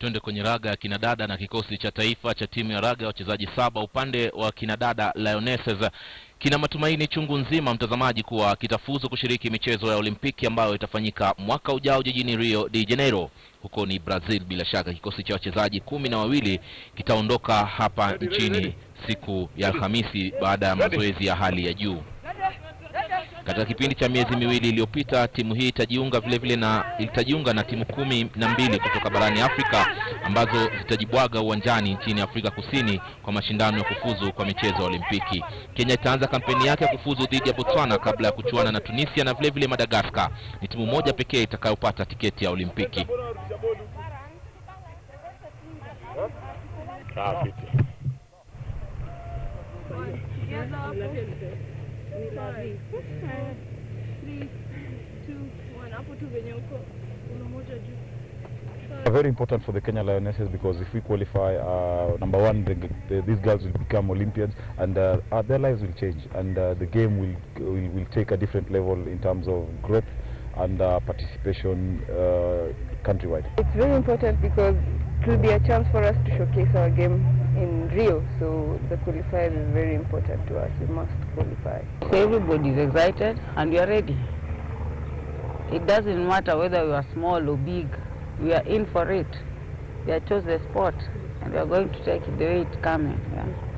Twende kwenye raga ya kinadada na kikosi cha taifa cha timu ya raga ya wachezaji saba upande wa kinadada Lionesses kina matumaini chungu nzima mtazamaji kuwa kitafuzu kushiriki michezo ya Olimpiki ambayo itafanyika mwaka ujao jijini Rio de Janeiro huko ni Brazil. Bila shaka kikosi cha wachezaji kumi na wawili kitaondoka hapa nchini siku ya Alhamisi baada ya mazoezi ya hali ya juu. Katika kipindi cha miezi miwili iliyopita, timu hii itajiunga vile vile na itajiunga na timu kumi na mbili kutoka barani Afrika ambazo zitajibwaga uwanjani nchini Afrika Kusini kwa mashindano ya kufuzu kwa michezo ya Olimpiki. Kenya itaanza kampeni yake ya kufuzu dhidi ya Botswana kabla ya kuchuana na Tunisia na vile vile Madagaskar. Ni timu moja pekee itakayopata tiketi ya Olimpiki. very important for the Kenya Lionesses because if we qualify, uh, number one, the, the, these girls will become Olympians and uh, uh their lives will change and uh, the game will, will, will take a different level in terms of growth and uh, participation uh, countrywide. It's very important because it will be a chance for us to showcase our game in Rio, so the qualifier is very important to us. We must qualify. So everybody is excited and we are ready. It doesn't matter whether we are small or big, we are in for it. We have chosen the sport and we are going to take it the way it's coming. Yeah.